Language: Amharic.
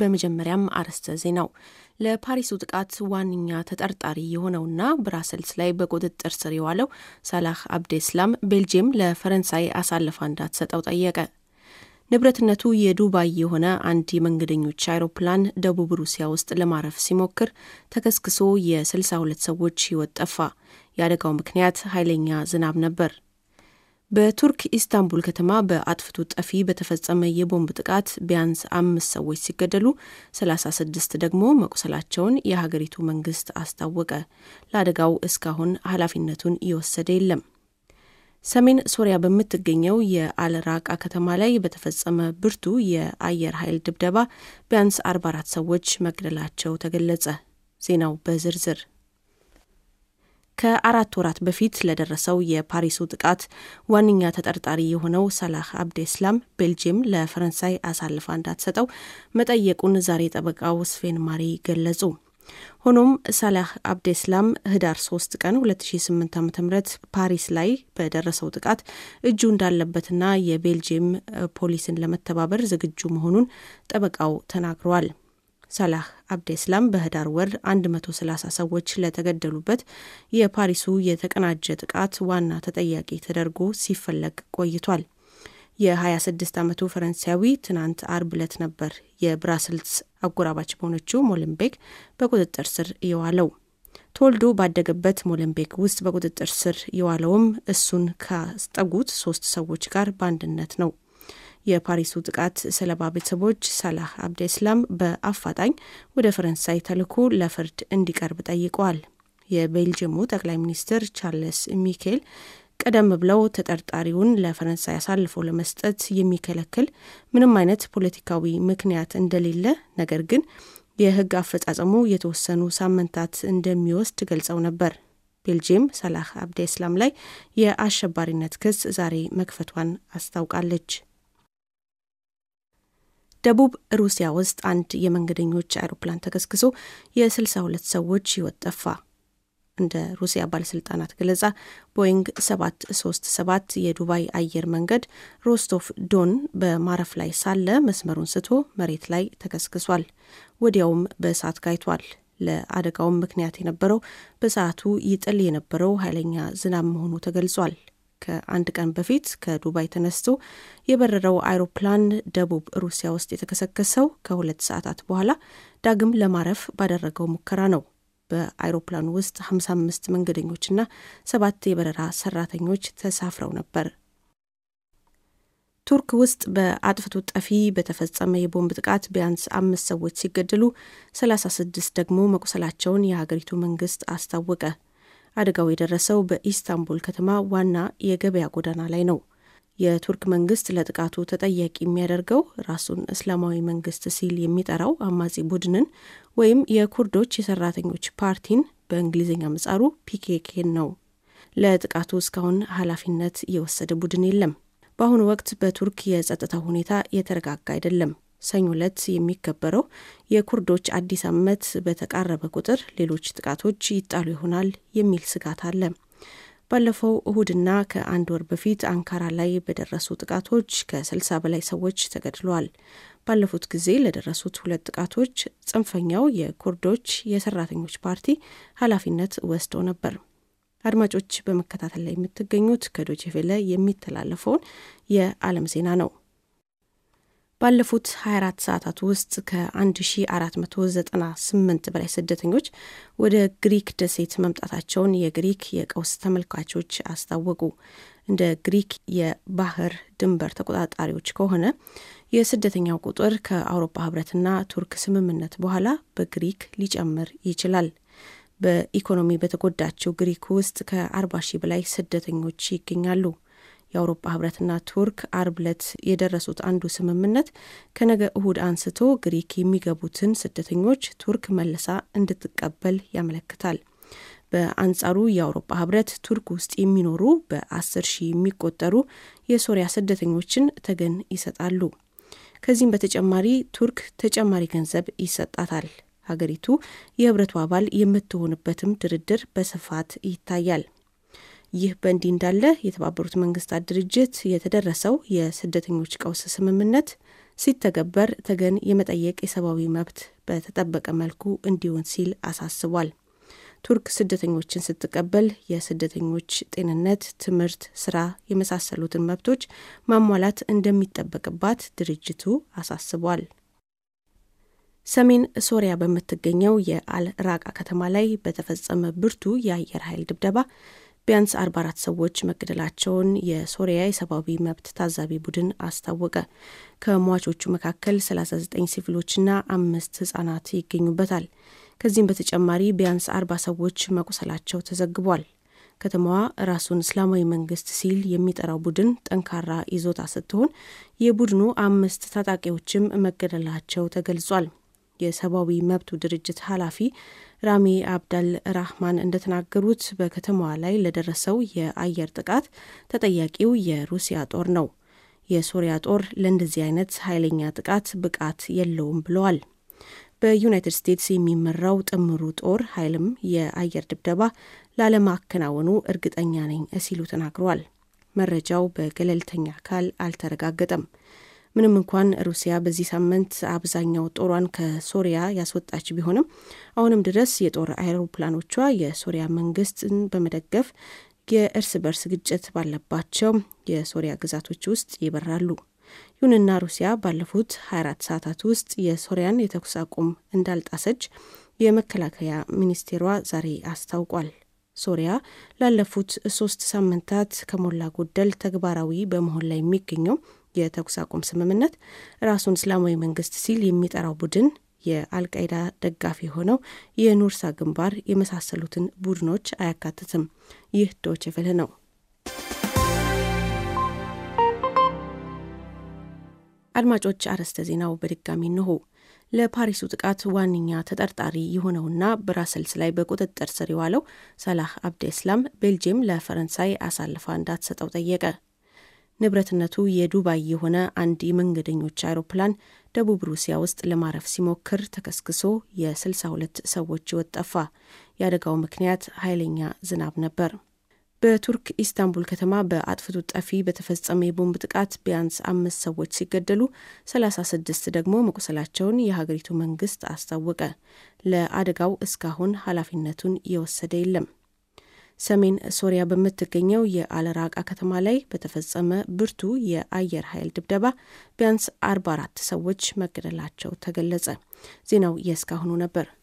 በመጀመሪያም አርዕስተ ዜናው ለፓሪሱ ጥቃት ዋነኛ ተጠርጣሪ የሆነውና ብራሰልስ ላይ በቁጥጥር ስር የዋለው ሳላህ አብዴስላም ቤልጅየም ለፈረንሳይ አሳልፋ እንዳትሰጠው ጠየቀ። ንብረትነቱ የዱባይ የሆነ አንድ የመንገደኞች አውሮፕላን ደቡብ ሩሲያ ውስጥ ለማረፍ ሲሞክር ተከስክሶ የ62 ሰዎች ሕይወት ጠፋ። የአደጋው ምክንያት ኃይለኛ ዝናብ ነበር። በቱርክ ኢስታንቡል ከተማ በአጥፍቶ ጠፊ በተፈጸመ የቦምብ ጥቃት ቢያንስ አምስት ሰዎች ሲገደሉ 36 ስድስት ደግሞ መቁሰላቸውን የሀገሪቱ መንግስት አስታወቀ። ለአደጋው እስካሁን ኃላፊነቱን እየወሰደ የለም። ሰሜን ሶሪያ በምትገኘው የአልራቃ ከተማ ላይ በተፈጸመ ብርቱ የአየር ኃይል ድብደባ ቢያንስ 44 ሰዎች መግደላቸው ተገለጸ። ዜናው በዝርዝር ከአራት ወራት በፊት ለደረሰው የፓሪሱ ጥቃት ዋነኛ ተጠርጣሪ የሆነው ሳላህ አብደ ቤልጅየም ለፈረንሳይ አሳልፋ እንዳትሰጠው መጠየቁን ዛሬ ጠበቃው ስፌን ማሪ ገለጹ። ሆኖም ሳላህ አብደ ህዳር 3 ቀን 2008 ዓ ም ፓሪስ ላይ በደረሰው ጥቃት እጁ እንዳለበትና የቤልጅየም ፖሊስን ለመተባበር ዝግጁ መሆኑን ጠበቃው ተናግረዋል። ሳላህ አብደስላም በህዳር ወር 130 ሰዎች ለተገደሉበት የፓሪሱ የተቀናጀ ጥቃት ዋና ተጠያቂ ተደርጎ ሲፈለግ ቆይቷል። የ26 ዓመቱ ፈረንሳያዊ ትናንት አርብ ዕለት ነበር የብራስልስ አጎራባች በሆነችው ሞለንቤግ በቁጥጥር ስር የዋለው። ተወልዶ ባደገበት ሞለንቤግ ውስጥ በቁጥጥር ስር የዋለውም እሱን ካስጠጉት ሶስት ሰዎች ጋር በአንድነት ነው። የፓሪሱ ጥቃት ሰለባ ቤተሰቦች ሳላህ አብደስላም በአፋጣኝ ወደ ፈረንሳይ ተልኮ ለፍርድ እንዲቀርብ ጠይቀዋል። የቤልጅየሙ ጠቅላይ ሚኒስትር ቻርለስ ሚኬል ቀደም ብለው ተጠርጣሪውን ለፈረንሳይ አሳልፎ ለመስጠት የሚከለክል ምንም አይነት ፖለቲካዊ ምክንያት እንደሌለ ነገር ግን የህግ አፈጻጸሙ የተወሰኑ ሳምንታት እንደሚወስድ ገልጸው ነበር። ቤልጅየም ሳላህ አብደስላም ላይ የአሸባሪነት ክስ ዛሬ መክፈቷን አስታውቃለች። ደቡብ ሩሲያ ውስጥ አንድ የመንገደኞች አውሮፕላን ተከስክሶ የ ሁለት ሰዎች ህይወት ጠፋ። እንደ ሩሲያ ባለስልጣናት ገለጻ ቦይንግ 737 የዱባይ አየር መንገድ ሮስቶፍ ዶን በማረፍ ላይ ሳለ መስመሩን ስቶ መሬት ላይ ተከስክሷል። ወዲያውም በእሳት ጋይቷል። ለአደጋውም ምክንያት የነበረው በሰዓቱ ይጥል የነበረው ኃይለኛ ዝናብ መሆኑ ተገልጿል። ከአንድ ቀን በፊት ከዱባይ ተነስቶ የበረረው አይሮፕላን ደቡብ ሩሲያ ውስጥ የተከሰከሰው ከሁለት ሰዓታት በኋላ ዳግም ለማረፍ ባደረገው ሙከራ ነው። በአይሮፕላኑ ውስጥ 55 መንገደኞችና ሰባት የበረራ ሰራተኞች ተሳፍረው ነበር። ቱርክ ውስጥ በአጥፍቶ ጠፊ በተፈጸመ የቦምብ ጥቃት ቢያንስ አምስት ሰዎች ሲገደሉ 36 ደግሞ መቁሰላቸውን የሀገሪቱ መንግስት አስታወቀ። አደጋው የደረሰው በኢስታንቡል ከተማ ዋና የገበያ ጎዳና ላይ ነው። የቱርክ መንግስት ለጥቃቱ ተጠያቂ የሚያደርገው ራሱን እስላማዊ መንግስት ሲል የሚጠራው አማጺ ቡድንን ወይም የኩርዶች የሰራተኞች ፓርቲን በእንግሊዝኛ ምጻሩ ፒኬኬን ነው። ለጥቃቱ እስካሁን ኃላፊነት የወሰደ ቡድን የለም። በአሁኑ ወቅት በቱርክ የጸጥታ ሁኔታ የተረጋጋ አይደለም። ሰኞ ዕለት የሚከበረው የኩርዶች አዲስ ዓመት በተቃረበ ቁጥር ሌሎች ጥቃቶች ይጣሉ ይሆናል የሚል ስጋት አለ። ባለፈው እሁድና ከአንድ ወር በፊት አንካራ ላይ በደረሱ ጥቃቶች ከ60 በላይ ሰዎች ተገድለዋል። ባለፉት ጊዜ ለደረሱት ሁለት ጥቃቶች ጽንፈኛው የኩርዶች የሰራተኞች ፓርቲ ኃላፊነት ወስዶ ነበር። አድማጮች፣ በመከታተል ላይ የምትገኙት ከዶቼ ቬለ የሚተላለፈውን የዓለም ዜና ነው። ባለፉት 24 ሰዓታት ውስጥ ከ1498 በላይ ስደተኞች ወደ ግሪክ ደሴት መምጣታቸውን የግሪክ የቀውስ ተመልካቾች አስታወቁ። እንደ ግሪክ የባህር ድንበር ተቆጣጣሪዎች ከሆነ የስደተኛው ቁጥር ከአውሮፓ ህብረትና ቱርክ ስምምነት በኋላ በግሪክ ሊጨምር ይችላል። በኢኮኖሚ በተጎዳቸው ግሪክ ውስጥ ከ40 ሺህ በላይ ስደተኞች ይገኛሉ። የአውሮፓ ህብረትና ቱርክ አርብ ዕለት የደረሱት አንዱ ስምምነት ከነገ እሁድ አንስቶ ግሪክ የሚገቡትን ስደተኞች ቱርክ መልሳ እንድትቀበል ያመለክታል። በአንጻሩ የአውሮፓ ህብረት ቱርክ ውስጥ የሚኖሩ በአስር ሺህ የሚቆጠሩ የሶሪያ ስደተኞችን ተገን ይሰጣሉ። ከዚህም በተጨማሪ ቱርክ ተጨማሪ ገንዘብ ይሰጣታል። ሀገሪቱ የህብረቱ አባል የምትሆንበትም ድርድር በስፋት ይታያል። ይህ በእንዲህ እንዳለ የተባበሩት መንግስታት ድርጅት የተደረሰው የስደተኞች ቀውስ ስምምነት ሲተገበር ተገን የመጠየቅ የሰብአዊ መብት በተጠበቀ መልኩ እንዲሆን ሲል አሳስቧል። ቱርክ ስደተኞችን ስትቀበል የስደተኞች ጤንነት፣ ትምህርት፣ ስራ የመሳሰሉትን መብቶች ማሟላት እንደሚጠበቅባት ድርጅቱ አሳስቧል። ሰሜን ሶሪያ በምትገኘው የአልራቃ ከተማ ላይ በተፈጸመ ብርቱ የአየር ኃይል ድብደባ ቢያንስ 44 ሰዎች መገደላቸውን የሶሪያ የሰብአዊ መብት ታዛቢ ቡድን አስታወቀ። ከሟቾቹ መካከል 39 ሲቪሎችና አምስት ህጻናት ይገኙበታል። ከዚህም በተጨማሪ ቢያንስ 40 ሰዎች መቁሰላቸው ተዘግቧል። ከተማዋ ራሱን እስላማዊ መንግስት ሲል የሚጠራው ቡድን ጠንካራ ይዞታ ስትሆን የቡድኑ አምስት ታጣቂዎችም መገደላቸው ተገልጿል። የሰብአዊ መብቱ ድርጅት ኃላፊ ራሚ አብዳል ራህማን እንደተናገሩት በከተማዋ ላይ ለደረሰው የአየር ጥቃት ተጠያቂው የሩሲያ ጦር ነው። የሶሪያ ጦር ለእንደዚህ አይነት ኃይለኛ ጥቃት ብቃት የለውም ብለዋል። በዩናይትድ ስቴትስ የሚመራው ጥምሩ ጦር ኃይልም የአየር ድብደባ ላለማከናወኑ እርግጠኛ ነኝ ሲሉ ተናግረዋል። መረጃው በገለልተኛ አካል አልተረጋገጠም። ምንም እንኳን ሩሲያ በዚህ ሳምንት አብዛኛው ጦሯን ከሶሪያ ያስወጣች ቢሆንም አሁንም ድረስ የጦር አይሮፕላኖቿ የሶሪያ መንግስትን በመደገፍ የእርስ በርስ ግጭት ባለባቸው የሶሪያ ግዛቶች ውስጥ ይበራሉ። ይሁንና ሩሲያ ባለፉት 24 ሰዓታት ውስጥ የሶሪያን የተኩስ አቁም እንዳልጣሰች የመከላከያ ሚኒስቴሯ ዛሬ አስታውቋል። ሶሪያ ላለፉት ሶስት ሳምንታት ከሞላ ጎደል ተግባራዊ በመሆን ላይ የሚገኘው የተኩስ አቁም ስምምነት ራሱን እስላማዊ መንግስት ሲል የሚጠራው ቡድን የአልቃይዳ ደጋፊ የሆነው የኑርሳ ግንባር የመሳሰሉትን ቡድኖች አያካትትም። ይህ ዶይቼ ነው። አድማጮች፣ አርዕስተ ዜናው በድጋሚ እንሆ። ለፓሪሱ ጥቃት ዋነኛ ተጠርጣሪ የሆነውና ብራሰልስ ላይ በቁጥጥር ስር የዋለው ሰላህ አብደ ኢስላም ቤልጅየም ለፈረንሳይ አሳልፋ እንዳትሰጠው ጠየቀ። ንብረትነቱ የዱባይ የሆነ አንድ የመንገደኞች አውሮፕላን ደቡብ ሩሲያ ውስጥ ለማረፍ ሲሞክር ተከስክሶ የ62 ሰዎች ሕይወት ጠፋ። የአደጋው ምክንያት ኃይለኛ ዝናብ ነበር። በቱርክ ኢስታንቡል ከተማ በአጥፍቶ ጠፊ በተፈጸመ የቦምብ ጥቃት ቢያንስ አምስት ሰዎች ሲገደሉ 36 ደግሞ መቁሰላቸውን የሀገሪቱ መንግስት አስታወቀ። ለአደጋው እስካሁን ኃላፊነቱን የወሰደ የለም። ሰሜን ሶሪያ በምትገኘው የአልራቃ ከተማ ላይ በተፈጸመ ብርቱ የአየር ኃይል ድብደባ ቢያንስ 44 ሰዎች መገደላቸው ተገለጸ። ዜናው የእስካሁኑ ነበር።